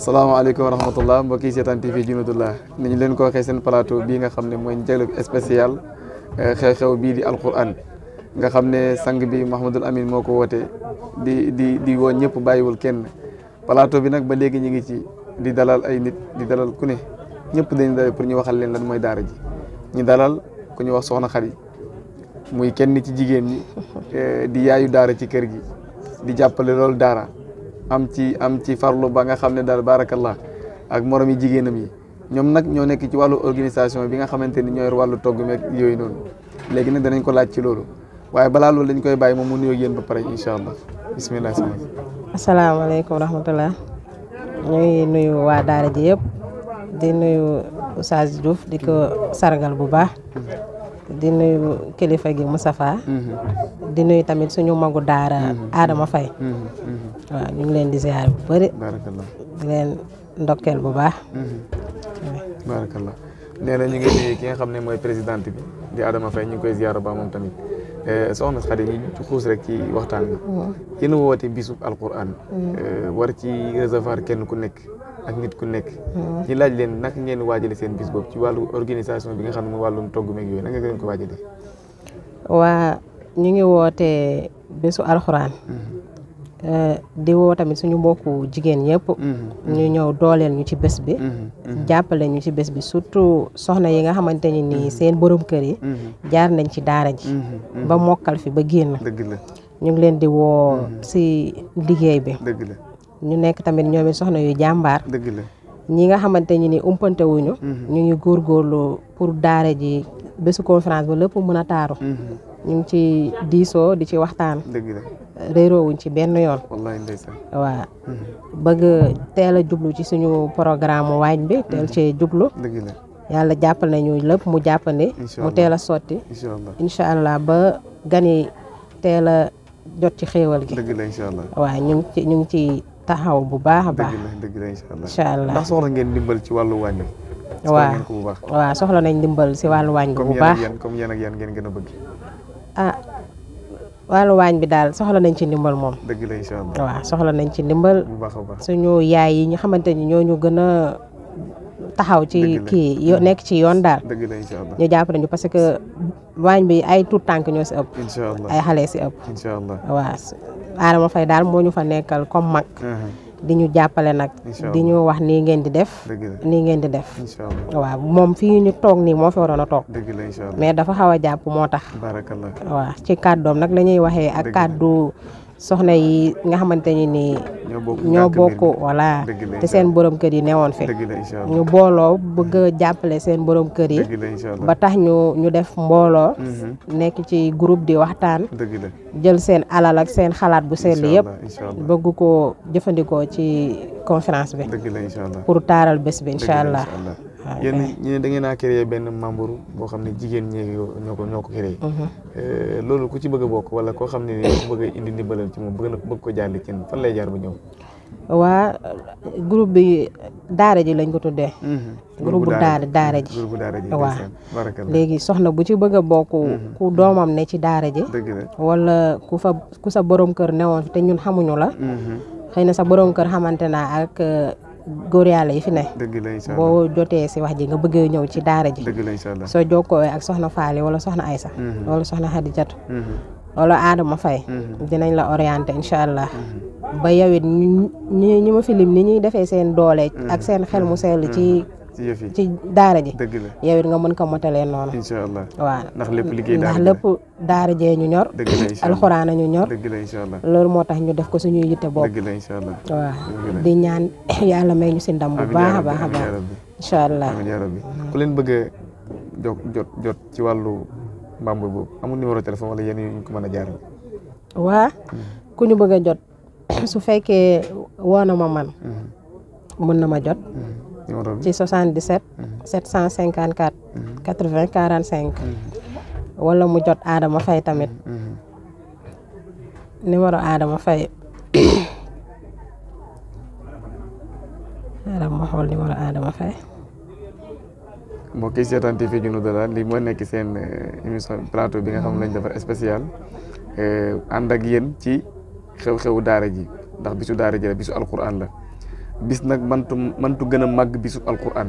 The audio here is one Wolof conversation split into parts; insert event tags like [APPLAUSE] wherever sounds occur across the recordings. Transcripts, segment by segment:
Salam wa rahmatullah Mbokki yi TV jinudullah. ni ñu leen ko waxe seen plateau bi nga xamne moy mooy xew-xew eh, bi di alquran nga xamne sang bi Amin moko wote di di di wonya ñepp bayiwul kenn plateau bi nak ba legi ñi ngi ci di dalal ay nit di dalal ku ne ñepp dañu day pour ñu waxal leen lan moy daara ji ñu dalal ku ñu wax soxna Xadi muy kenn ci jigen ni eh, di yaayu daara ci kër gi di jappale lol daara am ci am ci farlu ba nga xam ne daal barakallah ak moroom yi jigéenam yi ñoom nag ñoo nekk ci wàllu organisation bi nga xamante ni ñooy wàllu togg meeg yooyu noonu léegi nag danañ ko laaj ci loolu waaye balaa loolu dañ koy bàyyi moom mu nuyoo yéen ba pare incha allah bisimilah. asalaamaaleykum wa rahmatulah ñu ngi waa daara ji yëpp di nuyu Oustaz Diouf di ko sargal bu baax. di nuyu kilifa gi Moustapha mm-hmm. di nuyu tamit suñu magu daara mm-hmm. Adama Faye mm-hmm. waaw ñu ngi leen di ziar bu bëri. barakallah di leen ndokkeel bu baax. Mm-hmm. barakallah nee na ñu ngi nuyu ki nga xam ne mooy présidente bi di Adama Faye ñu ngi koy ziar ba moom tamit eh, soxna Khady ñu xuus rek ci waxtaan bi. Mm-hmm. yéen a woote bisu alquran. Mm-hmm. Eh, war ci recevoir kenn ku nekk. ak nit ku nekk. ñu laaj leen naka ngeen waajale seen bis boobu ci wàllu organisation bi nga xam ne mooy wàllum togg meeg yooyu naka ngeen ko waajalee. waa ñu ngi alxuraan. Euh, di woo tamit suñu mbokku jigéen ñëpp. Mm-hmm. ñu ñëw dooleel ñu ci bés bi. Mm-hmm. Mm-hmm. jàppale ñu ci bés bi surtout soxna yi nga xamante ni nii seen borom kër yi. jaar nañ ci daara ji. ba mokkal fi ba génn. ñu ngi leen di woo si liggéey bi. ñu nekk tamit ñoom soxna yu jàmbaar. ñi nga xamante ni ni umpante wuñu. ñu ngi góorgóorlu pour daara ji bésu conférence ba lépp mën a taaru. ñu ngi ci diisoo di ci waxtaan. réeroo ci benn yoon. wallaay ndeysaan. waaw mm-hmm. bëgg teel a jublu ci suñu programme waañ bi. teel mm-hmm. cee jublu. dëgg la yàlla jàppal nañu lépp mu jàppandi. mu teel a sotti. incha allah ba gan yi a jot ci xéewal gi. dëgg la incha allah waaw ñu ngi ci ñu ngi ci taxaw bu baax a baax. dëgg la incha allah incha allah ndax soxla ngeen dimbal ci wàllu waañ bi waaw waaw soxla nañ dimbal si wàllu waañ bi bu baax comme yan ak gën a bëgg. Ah, wàllu waañ bi daal soxla nañ ci ndimbal moom. dëgg la waaw soxla nañ ci ndimbal. bu baax a baax yaay yi ñu xamante ni ñoo ñu gën a taxaw ci kii nekk ci yoon daal. dëgg la incha allah ñu jàpp nañu parce que waañ bi ay tout tànk ñoo si ëpp. ay xale si ëpp. incha allah waaw Adama Faye daal moo ñu fa nekkal comme mag. Uh-huh. di ñu jàppale nag di ñu wax nii ngeen di def nii ngeen di def waaw moom fii ñu toog nii moo fi waroon a toog mais dafa xaw a jàpp moo tax waaw ci kàddoom nag la ñuy waxee ak kàddu soxna yi nga xamante ni nii ñoo bokk wala te seen borom kër yi newoon fi ñu booloo bëgg a jàppale seen borom kër yi ba tax ñu ñu def mbooloo mhm. nekk ci groupe di waxtaan jël seen alal seen xalaat bu sell yëpp bëgg ko jëfandikoo ci conférence bi pour taaral bés bi incha allah yéen ñu ne da ngeen a créé benn membre boo xam ne jigéen ñi ñoo ko ñoo ko créé mhm. euh, loolu ku ci bëgg bokk wala koo xam ne ku bëgg a indi ndimbalal ci moom bëgg na bëgg ko jaarli ci fan lay jaar ba ñëw waa groupe bi daara ji lañ ko tuddee mhm. groupe bu daara daara ji waaw léegi soxna bu ci bëgg a bokk mhm. ku doomam ne ci daara ji wala ku fa ku sa borom kër ne woon te ñun xamuñu la xëy na sa borom kër xamante naa góor yàlla yi fi ne boo jotee si wax ji nga bëggee ñëw ci daara ji soo jokkoo ak soxna Faali wala soxna Aysa mhm. wala soxna Xadijatu mhm. wala Adama Faye mhm. dinañ la orienté incha allah ba yow it ñi ñi ma fi lim ni ñuy defee seen doole ak seen xel mu sell ci ci yëf yi ci daara ji dëgg la yow nga mën ko motalee noonu incha allah waaw ndax lépp liggéey ndax lépp daara jee ñu ñor dëgg la incha allah alxuraan ñu ñor dëgg la incha allah loolu ñu def ko suñuy yitte bopp dëgg la incha allah waaw di ñaan [COUGHS] yàlla may ñu si ndam bu baax a baax a baax incha allah amiin yaa rabbi ku leen bëgg a jot jot jot ci wàllu membre boobu amul numéro téléphone wala yéen ñu ko mën a jaaral mm-hmm. ku ñu bëgg jot [COUGHS] su fekkee woo ma man mm-hmm. mën na ma jot mm-hmm numéro bi ci 77. 754. 80 45. wala mu jot Adama Faye tamit. Hmm. Hmm. numéro Adama Faye. [COUGHS] Adama ma xool numéro Adama Faye. mbokki seetaan TV Junu Dollar lii moo nekk seen eh, émission plateau bi nga xam lañ defar spécial eh, ànd ak yéen ci xew-xewu daara ji ndax bisu daara ji la bisu la. bis nag mantu mantu gën a màgg bisu alquran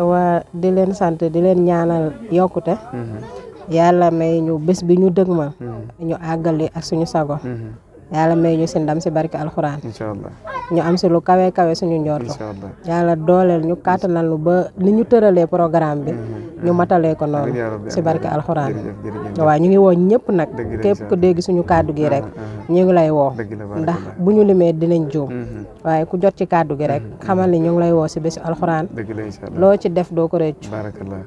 waa di leen sant di leen ñaanal yokkute mm-hmm. yàlla may ñu bés bi ñu dëgmal mm-hmm. ñu àggali ak suñu sago mm-hmm. yàlla may ñu si ndam si barke alxuraan. incha allah ñu am si lu kawe kawe suñu njort. incha allah yàlla dooleel ñu kàttanal lu ba ni ñu tëralee programme bi. Mm-hmm. ñu matalee ko noonu. si barke alxuraan. waaw ñu ngi woo ñëpp nag. képp ku dégg suñu kàddu gi rek. Mm-hmm. ñu ngi lay woo. ndax bu ñu limee dinañ juum. Mm-hmm. waaye ku jot ci kàddu gi rek. xamal ni ñu lay woo si bésu alxuraan. loo ci def doo ko rëccu.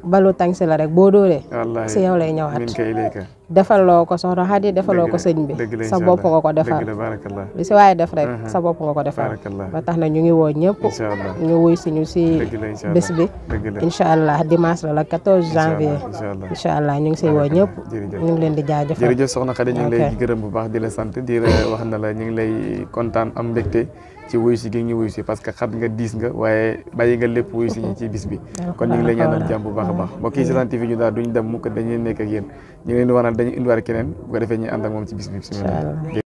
balu tàng si la rek boo dóoree. si yow lay ñëwaat. defaloo ko soxna Xadi defaloo ko sëñ bi sa bopp nga ko defal li si waaye def rek sa bopp nga ko defal ba tax na ñu ngi woo ñëpp ñu wuy suñu si bés bi incha allah dimanche la la 14 janvier incha allah ñu ngi si woo ñëpp ñu ngi leen di jaajëfal jërëjëf soxna Xadi ñu ngi lay gërëm bu baax di la sant di la wax na la ñu ngi lay kontaan am mbégte ci wuyu si gi ngi wuyu si parce que xam nga diis nga waaye bàyyi nga lépp wuyu si ñi ci bis bi kon ñu ngi ñaanal jàmm bu baax a baax mbokk yi seetaan TV ñu daal duñ dem mukk dañuy nekk ak ñu ngi leen di waral dañuy indiwaat keneen bu defee ñu ànd ak moom ci bis bi bismillah